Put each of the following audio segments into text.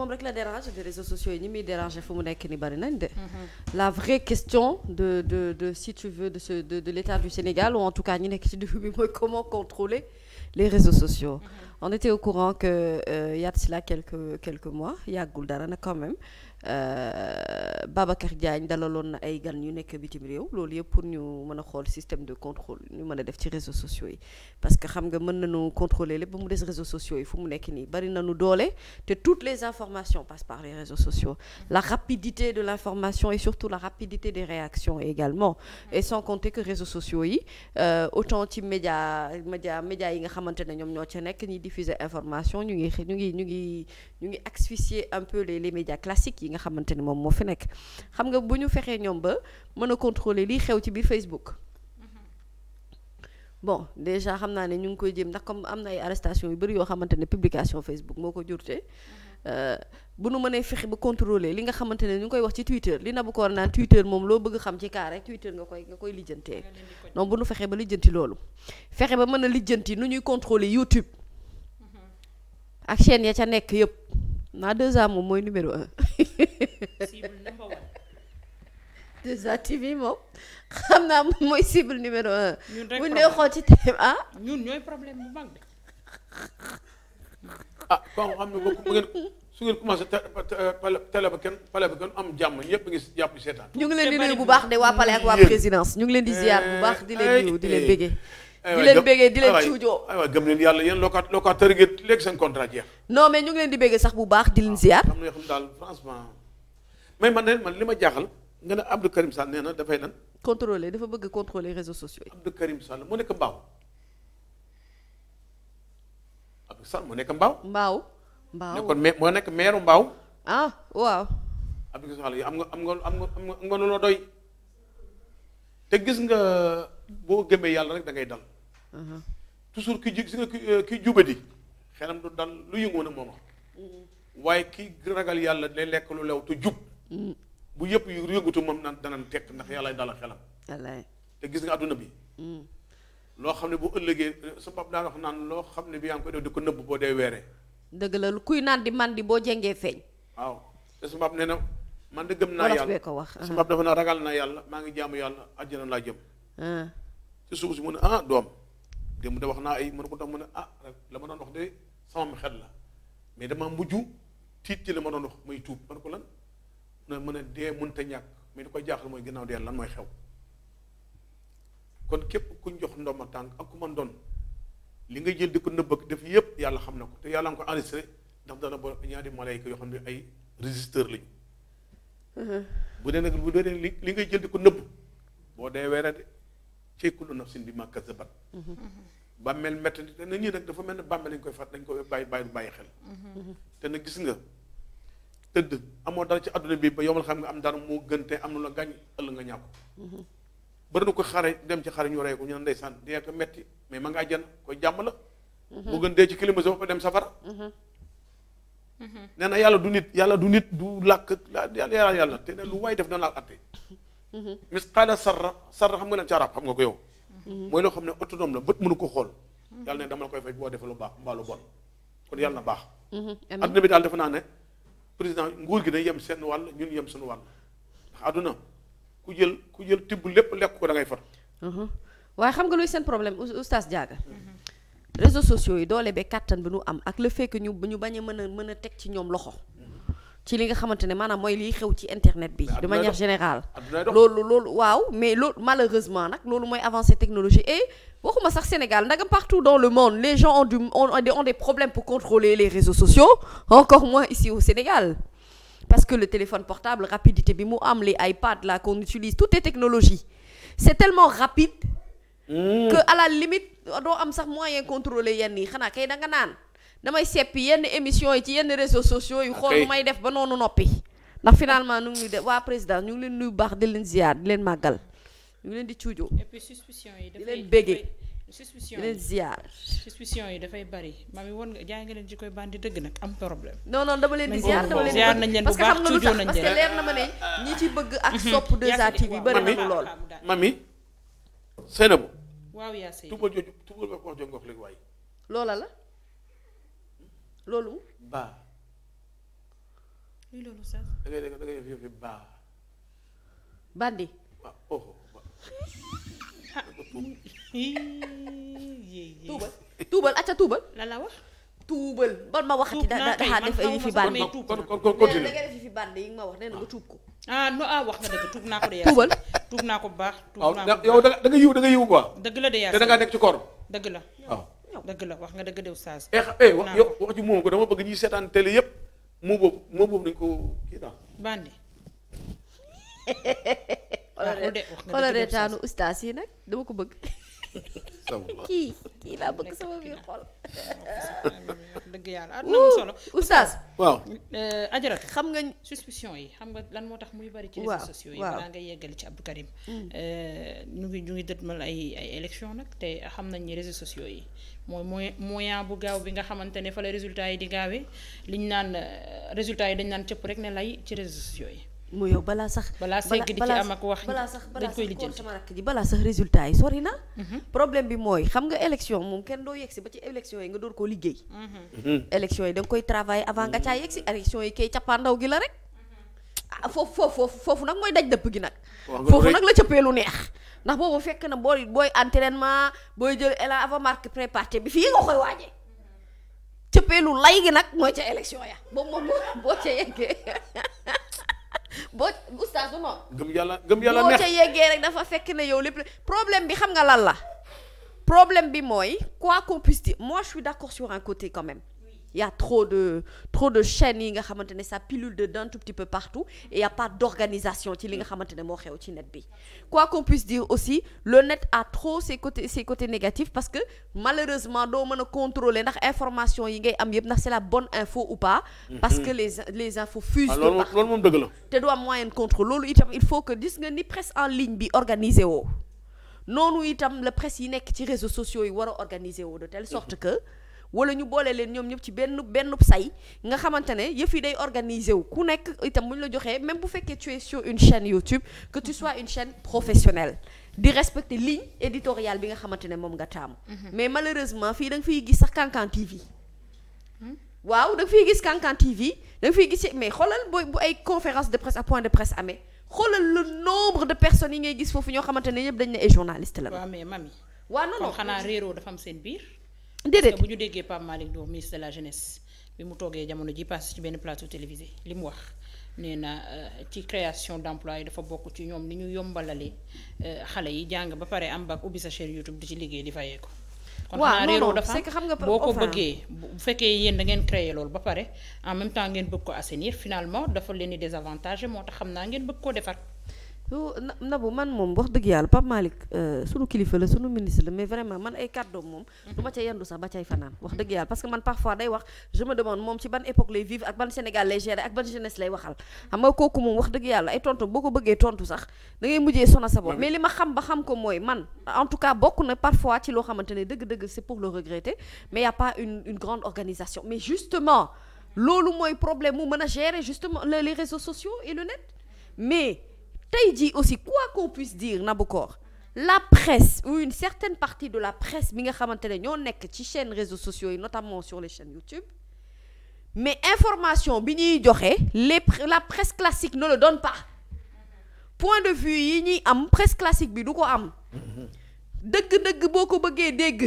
moom rek la dérange des réseaux sociaux yi ñi muy déranger fu mu nekk ni bari nañ de. Mhm. la vraie question de de de si tu veux de l'état du Sénégal ou en tout cas ñi nekk ci dugub bi mooy comment contrôler les réseaux sociaux. Mm -hmm. on était au courant que euh, y a de cela quelques quelques mois yàggul dara na quand même. Euh, Babacar Diagne dalaloon na ay gan yu nekk bitim réew loolu yëpp pour ñu mën a xool système de contrôle ñu mën a def ci réseaux sociaux yi parce que xam nga mën na nañu contrôler lépp ba mu des réseaux sociaux yi fu mu nekk nii bari na nañu doole te toutes les informations passent par les réseaux sociaux la rapidité de l'information et surtout la rapidité des réactions également et sans compter que réseaux sociaux yi euh, autant ci média média média yi nga xamante ne ñoom ñoo ca nekk ñi diffuser information ñu ngi ñu ngi ñu ngi ñu ngi asphyxier un peu les les yi nga xamante ni moom moo fi nekk xam nga bu ñu fexee ñoom ba mën a contrôler lii xew ci biir Facebook mm-hmm. bon déjà xam naa ne ñu ngi koy jëm ndax comme am na ay arrestation yu bëri yoo xamante ne publication Facebook moo ko jurte mm-hmm. euh, bu nu mënee fexe ba contrôler li nga xamante ne ñu koy wax ci Twitter li na bu koor naan Twitter moom loo bëgg xam ci kaa rek Twitter nga koy nga koy lijjantee donc bu nu fexee ba lijjanti loolu fexe ba mën a lijjanti nu ñuy contrôler YouTube mm-hmm. ak chaîne ya ca naa 2A moom mooy numéro un. cible numéro TV moom xam naa mooy cible numéro un. ñun rek bu ñu xool ci TMA. ñun ñooy problème bu mag de. ah bon xam nga bu ngeen su ngeen commencé télé ba kenn palais ba kenn am jàmm ñëpp ngi jàpp seetaan. ñu ngi leen di nuyu bu baax de waa mm. palais ak waa présidence ñu ngi leen di ziar bu baax di leen nuyu di leen béggee di leen cuujoo aywa gëm leen yàlla yéen locat locataire yi ngeen léegi seen a jeex non mais ñu ngi leen di béggee sax bu baax di leen ah, ziar am na mais man ne man li ma jaaxal nga ne Abdou Karim Sall nee na dafay nan contrôler dafa bëgg contrôler réseaux sociaux yi Abdou Karim Sall moo nekk mbaaw Abdou Sall nekk mbaaw mbaaw mbaaw nekkoon mais moo nekk meeru mbaaw ah waaw Abdou Sall yi am nga am nga am nga am nga loo doy te gis nga boo gëmee yàlla rek da ngay dal Uh-huh. toujours ki ji si nga eh, ki jubadi xelam du dal lu yëngoo nag moom mm-hmm. waaye ki ragal yàlla day lekk lu lew te jub mm-hmm. bu yëpp yu yëngutu moom naan danañ tekk ndax yàlla dala xelam te gis nga àdduna bi mm-hmm. loo xam ne bu ëllëgee eh, sa bopp daan wax naan loo xam ne bi yaa ngi koy def di ko nëbb boo dee weeree dëgg la kuy naan di man boo jengee feeñ waaw te sa bopp nee man de gëm naa yàlla ko wax sa bopp uh-huh. dafa na ragal naa yàlla maa ngi jaamu yàlla àjjana laa jëm ci uh-huh. suuf si mu ne ah, doom démb de wax naa ay mën ko tax mën a ah la ma doon wax de sama xel la mais dama mujj tiit ci la ma doon wax muy tuub mën ko lan mën a mën a dee mënta ñàkk mais di koy jaaxal mooy ginnaaw dee lan mooy xew kon képp kuñ jox ndox ma tànk ak ku ma doon li nga jël di ko nëbb ak def yépp yàlla xam na ko te yàlla nga ko enregistré ndax dana bo ñaari malayka yoo xam ne bu dee nag bu dee li ngay jël di ko nëbb boo dee weeree de cey kullu nafsin bi ma kasabat bàmmeel métti te nit ñi nag dafa mel ne bàmmeel lañ koy fàtt dañ koy bàyyi bàyyi du bàyyi xel te na gis nga tëdd amoo dara ci àdduna bi ba yomal xam nga am dara moo gën te am na la gàññ ëllëg nga ñàkk bëri na ko xare dem ci xare ñu rey ko ñu ne ndeysaan dee ko metti mais ma nga àjjana koy jàmm la moo gën dee ci climatiseur ba fa dem safara ne na yàlla du nit yàlla du nit du làkk yàlla yàlla te ne lu waay def dana laal atte Mm-hmm. misqaala sarra sarra xam nga ne ci arab xam nga ko yow mm-hmm. mooy loo xam ne autonome la bët mënu ko xool yàlla ne dama la koy fay boo defee lu baax mbaa lu bon kon yàlla na baax mm-hmm. adduna bi daal defe naa ne président nguur gi day yem seen wàll ñun yem suñu wàll ndax adduna ku jël ku jël tibb lépp lekk ko da far waaye xam nga luy seen problème oustaz Diaga réseaux sociaux yi doole ba kàttan bi nu am ak le fait ñu ñu bañ a mën a mën a teg ci ñoom loxo ci li nga xamante ne maanaam mooy liy xew ci internet bi de manière générale loolu loolu waaw mais loolu malheureusement nag loolu mooy avancée technologie et ma sax Sénégal ndax partout dans le monde les gens ont des problèmes pour contrôler les réseaux sociaux encore moins ici au Sénégal parce que le téléphone portable rapidité bi mu am les iPads là qu'on utilise toutes les technologies c'est tellement rapide hmm. que à la limite doo am sax moyen contrôler yenn yi xanaa kay da nga naan damay seppi yenn émission yi ci yenn réseaux sociaux yi xool nu may def ba noonu noppi ndax finalement nu ngi de waa président ñu ngi leen nuyu baax di leen ziar di leen màggal ñu ngi leen di cuujoo di leen béggee suspicion yi ziar yi dafay bari mami woon nga jaay nga leen ci koy bandi dëgg nag am problème. non non dama leen di ziar dama leen di parce que xam nga lu tax parce que leer na ma ne ñi ci bëgg ak sopp 2A bi bari nañu lool. mami waaw yaa Sey tuubal jooju tuubal wax jooju ngox léegi loola la. loolu. baa. luy loolu sax. da ngay da ngay def baa. bandi. waaw oh. oh ah. tuubal tuubal acca tuubal. lan la wax. tuubal ban ma waxati da da daa def ay fi bandi. kon yi nga wax nee na nga ah. tuub ko. ah non ah wax nga dëgg tuub naa ko de. tuubal tuub naa ko bu baax. tuub naa ko bu baax yow da nga yiw da nga yiw quoi. dëgg la de yaa te da ngaa nekk ci koor. dëgg la ah. dagg la wax nga dëgg de oustaz. eh, eh wax yow wax ci moom ko dama bëgg ñuy seetaan télé yëpp moo boobu moo boobu nañu ko kii daal. bandi. xoolal de yi nag dama ko bëgg. kii kii laa bëgg sama biir xol. dëgg yàlla ah dina solo. oustaz waaw. Euh, ajarat xam nga suspicion yi xam nga lan moo tax muy bari. ci réseaux sociaux yi balaa ngay yeggali ci Abdou Karim. Mm. Euh, ñu ngi ñu ngi ma ay ay élection nag te xam nañ ni réseaux sociaux yi mooy mooy moyen bu gaaw bi nga xamante ne fa la résultat yi di gaawee liñ naan euh, résultat yi dañ naan cëpp rek ne lay ci réseaux sociaux yi. mu yow balaa sax. balaa segg di ci am ak wax balaa sax balaa sama rakk ji balaa sax résultat yi sori na. Mhm. problème bi mooy xam nga élection moom kenn doo yegsi ba ci élection yi nga door koo liggéey. Mhm. Mhm. élection yi da nga koy travailler avant nga caa yegsi élection yi kay cappaandaw gi la rek. ah foofu foofu foofu nag mooy daj dëpp gi nag. foofu nag la lu neex. ndax boobu fekk na booy booy entraînement booy jël élan avant marque préparé bi fii nga koy waajee. cëppeelu lay gi nag mooy ca élection ya boobu moom boo ca boo oustaz du noonu. gëm yàlla gëm yàlla neex boo ca yeggee rek dafa fekk na yow lépp problème bi xam nga lan la problème bi mooy quoi qu'on puisse dire moi je suis d'accord sur un côté quand même. y a trop de trop de chaînes yi nga xamante ne ça pilule de d'un tout petit peu partout et y a d'organisation ci li nga xamante ne moo xew ci net bi quoi qu'on puisse dire aussi le net a trop ses côtés ses côtés négatifs parce que malheureusement doo mën a contrôler ndax information yi ngay am yëpp ndax c'est la bon info ou pas mhm. parce que les les infos fusent ah, de loolu moom dëgg la te doo am moyen de loolu itam il faut que gis nga ni presse en ligne bi organisé woo itam la yi nekk ci réseaux sociaux yi war a organiser woo de telle mhm. que wala ñu boole leen ñoom ñëpp ci benn benn say nga xamante ne yëf yi day organiser ku nekk itam bu ñu la joxee même bu fekkee tu es sur une chaîne YouTube que tu sois une chaîne professionnelle di respecter ligne éditoriale bi nga xamante ne moom nga taamu. Mhm. mais malheureusement fii da nga fiy gis sax Kankan TV. Hmm? waaw da nga fiy gis Kankan TV da nga fiy gis mais xoolal booy bu ay conférence de presse à point de presse amee xoolal le nombre de personnes yi ngay gis foofu ñoo xamante ne ñëpp dañ ne ay journaliste la. xanaa réeroo dafa am seen biir. déedéet parce que bu ñu déggee Pape Malick Ndour ministre de la jeunesse bi mu toogee jamono ji passé ci benn plateau télévisé li mu wax nee na euh, ci création d'emploi yi dafa bokk ci ñoom ni ñu yombalalee euh, xale yi jàng ba pare am bac ubbi sa chaîne YouTube di ci liggéey di fayee ko. kon xanaa réeroo dafa boo ko bëggee bu fekkee yéen da ngeen créer loolu ba pare en même temps ngeen bëgg ko assainir finalement dafa leen di désavantage moo tax xam naa ngeen bëgg koo defar. yo Nabou man moom wax dëgg yàlla Pape Malick euh, sunu kilifa la sunu ministre la mais vraiment man ay kàddoom moom mhm. du ma ca yendu sax ba cay fanaan wax dëgg yàlla parce que man parfois day wax je demande moom ci ban époque lay vivre ak ban Sénégal lay gérer ak ban jeunesse lay waxal mhm. xam nga kooku moom wax dëgg yàlla ay tontu boo ko bëggee tontu sax da ngay mujjee sona sa bopp mais li ma xam ba xam ko mooy man en tout cas bokk na parfois ci loo xamante ne dëgg-dëgg c'est pour le regretter mais y a pas une une grande organisation mooy problème mu mën a gérer justement les tey jii aussi quoi qu'on puisse dire Nabokor la presse ou une certaine partie de la presse bi nga xamante ne ñoo nekk ci chaîne réseaux sociaux yi notamment sur les chaînes YouTube mais information bi ñuy joxe les la presse classique ne le donne pas point de vue yi ñuy am presse classique bi du ko am dëgg-dëgg boo ko bëggee dégg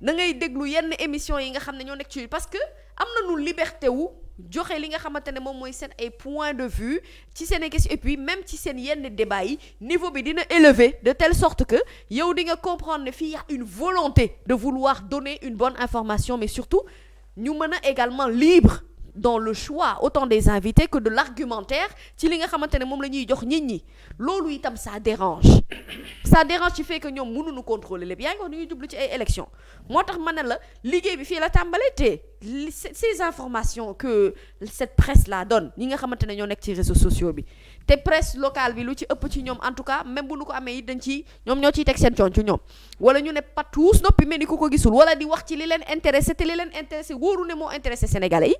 da ngay déglu yenn émission yi nga xam ne ñoo nekk ci parce que am nañu liberté wu joxe li nga xamante ne moom mooy seen ay point de vue ci seen question et puis même ci seen yenn débat yi niveau bi dina élevé de telle sorte que yow di nga comprendre ne fii y a une volonté de vouloir donner une bonne information mais surtout ñu mën a également libre dans le choix autant des invités que de l'argumentaire ci li nga xamante ne moom la ñuy jox nit ñi loolu itam ça dérange ça dérange ci fait que ñoom mënuñu contrôler lépp yaa ngi wax dañuy jublu ci ay élections moo tax ma ne la liggéey bi fii la tàmbalee te ces informations que cette presse là donne ñi nga xamante ne ñoo nekk ci réseaux sociaux bi te presse locale bi lu ci ëpp ci ñoom en tout cas même bu nu ko amee it dañ ci ñoom ñoo ciy teg seen coon ci ñoom wala ñu ne patuus noppi mel ni ku ko gisul wala di wax ci li leen intéressé te li leen intéressé wóoru ne moo intéressé sénégalais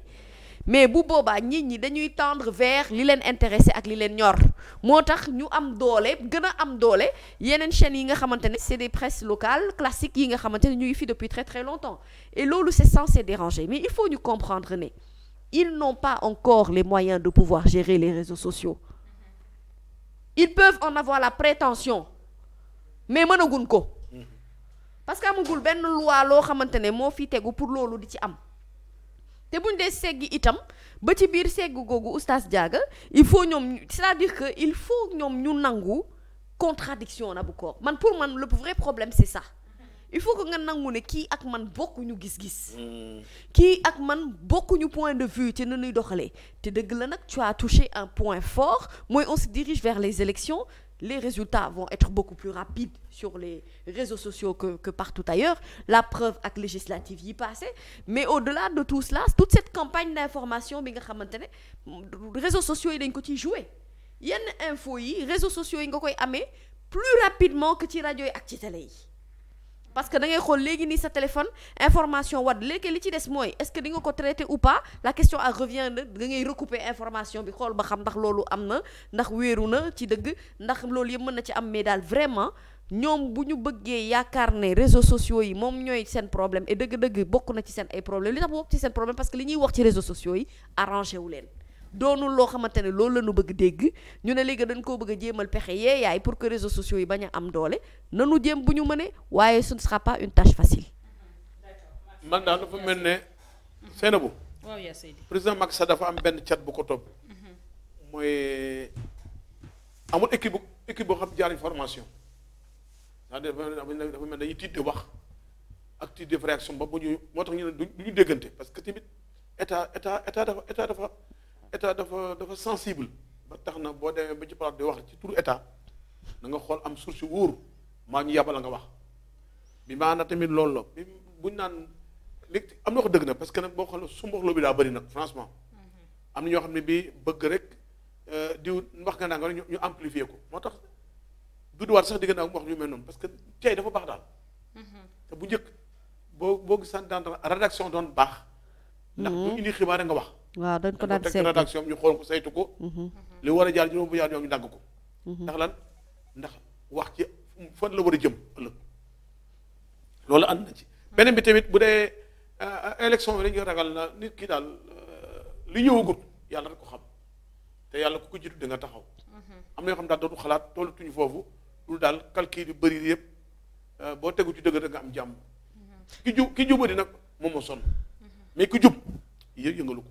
mais bu boobaa nit ñi dañuy tendre vers li leen intéressé ak li leen ñor moo tax ñu am doole gën a am doole yeneen chaînes yi nga xamante ne c'est des presses locales classiques yi nga xamante ne ñu fi depuis très très longtemps et loolu c'est censé déranger mais il faut ñu comprendre ne ils n'ont pas encore les moyens de pouvoir gérer les réseaux sociaux ils peuvent en avoir la prétention mais mënagun ko mm-hmm. parce que amagul benn loi loo xamante ne moo fi tegu pour loolu di ci am te buñ dee segg itam ba ci biir segg googu oustaz Diaga il faut ñoom c'est-à-dire que il faut ñoom ñu nangu contradiction na bu koor man pour man le vrai problème c'est ça il faut que nga nangu ne kii ak man bokkuñu gis-gis mm. kii ak man bokkuñu point de vue ci na ñuy doxalee te dëgg la nag toit as touché un point fort mooy on se dirige vers les élections les résultats vont être beaucoup plus rapides sur les réseaux sociaux que, que partout ailleurs. La preuve ak législative yi passé. Mais au-delà de tout cela, toute cette campagne d'information bi nga xamante ne réseaux sociaux yi dañ ko ciy jouer yenn info yi réseaux sociaux yi nga koy amee plus rapidement que ci rajo yi ak ci télé yi parce que da ngay xool léegi nii sa téléphone information wadd léegi li ci des mooy est-ce nga ko traité ou pas la question à revient na recouper information bi xool ba xam ndax loolu am na ndax wéeru na ci dëgg ndax loolu yëpp mën na ci am mais daal vraiment ñoom bu ñu bëggee yaakaar ne réseaux sociaux yi moom ñooy seen problème et dëgg-dëgg bokk na ci seen ay problème li tax bokk ci seen problème parce que li ñuy wax ci réseaux sociaux yi arrangé wu leen doonul loo xamante ne loolu la ñu bëgg dégg ñu ne léegi dañ koo bëgg jéemal pexe yee yaay pour que réseaux sociaux yi ba a am doole nanu jéem bu ñu mënee waaye ce ne sera pas une tâche facile. man daal dafa mel ne Seynabou. waaw oh, yaa Seydi président Macky Sall dafa am benn cat bu ko topp. Mhm. mooy amul équipe équipe boo xam jaar formation c'est-à-dire dafa mel dañuy tiit di wax ak tiit def réaction ba bu ñu moo tax ñu ne du ñu déggante parce que tamit état état état dafa état dafa. état dafa dafa sensible ba tax na boo demee ba ci palaat di wax ci turu état na nga xool am source wóor maa ñu yàbal la nga wax bi maa na tamit lool la bi naan léegi am na ko dëgg na parce que nag boo xoolee su mboxloo bi daa bari nag franchement mm-hmm. am na ñoo xam ne bi bëgg rek euh, di wax nga naan ñu amplifier ko moo tax dudduwaat sax digg naa wax ñu mel noonu parce que tey dafa baax daal mm-hmm. te bu njëkk boo boo gisaan daan rédaction doon baax ndax bu mm-hmm. xibaar nga wax waaw dañ ko daan seet rédaction ñu ko saytu mhm. war a jaar ñu bu jaar ñu dàgg ko mhm. ndax lan ndax wax ci fan la war a jëm ëllëg loolu ànd na ci beneen bi tamit bu dee euh, élection bi dañuy ragal na nit ki daal euh, li ñëwagut yàlla rek ko xam te yàlla ku ko jiitu danga taxaw mhm. am na yoo xam daal dootu xalaat toolu tuñu foofu lu daal calcul yu bëri yëpp euh, boo tegu ci dëgg nga am jàmm ki jub ki jubadi nag moom moo sonn mais ki jub yëngalu ko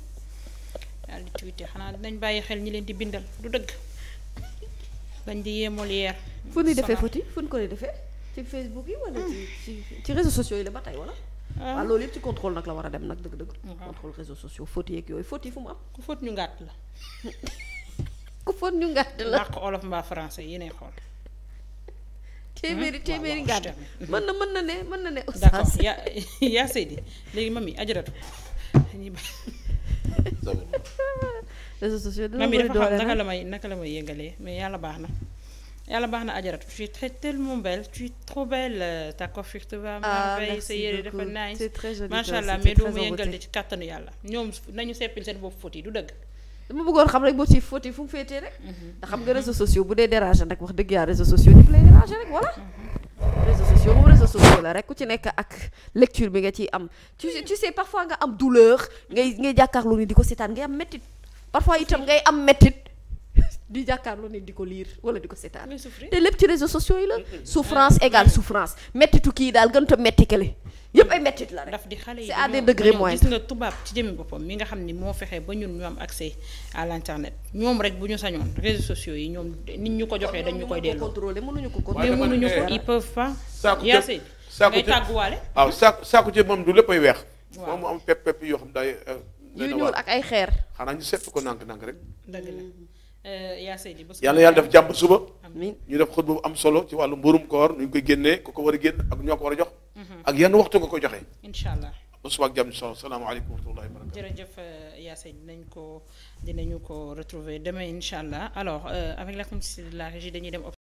daal di tweeté xanaa dinañ bàyyi xel ñi leen di bindal du dëgg bañ di yee Molière. fu ñuy defee foti fu ñu ko defee ci Facebook yi wala ci ci ci réseaux sociaux yi la ba tey wala. Ah. waaw loolu yëpp ci contrôle nag la war a dem nag dëgg-dëgg. contrôle réseaux sociaux faute yeeg yooyu faute yi fu mu am. ku faute ñu ngàtt la. ku faute ñu ngàtt la làkk olof mbaa français yeneen nay xool. téeméeri hmm? téeméeri ngàtt mën na mën na ne mën na ne. d'accord yaa yaa Seydi léegi mami ajaratu. réseaux sociaux dina bëri doole nag naka la may naka la may yëngalee mais yàlla baax na. yàlla baax na Ajaratu tu es très tellement belle tu es trop belle ta coiffure ah, sa yére dafa nice c'est très joli macha allah mais doo ma yëngal de ci kàttanu yàlla ñoom nañu seppil seen bopp faute yi du dëgg dama bëggoon xam rek boo ci faute yi fu mu féetee rek mhm. ndax xam nga réseaux sociaux bu dee déranger nag wax dëgg yàlla réseaux sociaux ñëpp lay déranger rek voilà mhm. sociaux bu sociaux la rek ku ci nekk ak lecture bi nga ciy am tu tu sais parfois nga am douleur ngay ngay jàkkaarloo ni di ko seetaan ngay am méttit parfois itam ngay am méttit di jàkkaarloo ni di ko liir wala di ko seetaan te lép ci réseaux sociaux yi la mm, mm. souffrance mm. égale souffrance méttitu kii daal gën a métti kale yëpp ay mettit la rek daf di xale yi à des moins gis nga ci jëmmi boppam mi nga xam ni moo fexe ba ñun ñu am accès à l' ñoom rek bu ñu sañoon réseaux yi ñoom nit ñu ko joxee dañ ñu koy delloo mais mënuñu ko ils saako ceeb saako ceeb ngay tàgguwaale. waaw saako saako ceeb moom du léppay weex. waaw moom mu am pepp pepp yoo xam day. Euh, yu ñuul ak ay xeer. xanaa ñu sepp ko nànk-nànk rek. dëgg la euh, yaa Seydi ba. yàlla yàlla def jàmm suba. amiin ñu def xutba bu am solo ci wàllu mburum koor nu ñu koy génnee ku ko war a génn ak ñoo ko war a jox. Mm-hmm. ak yan waxtu nga ko joxe. incha allah. ba suba ak jàmm solo salaamaaleykum wa a wa a jërëjëf euh, yaa Seydi dinañ ko dinañu ko retrouver demain incha allah alors avec la complicité de la régie dañuy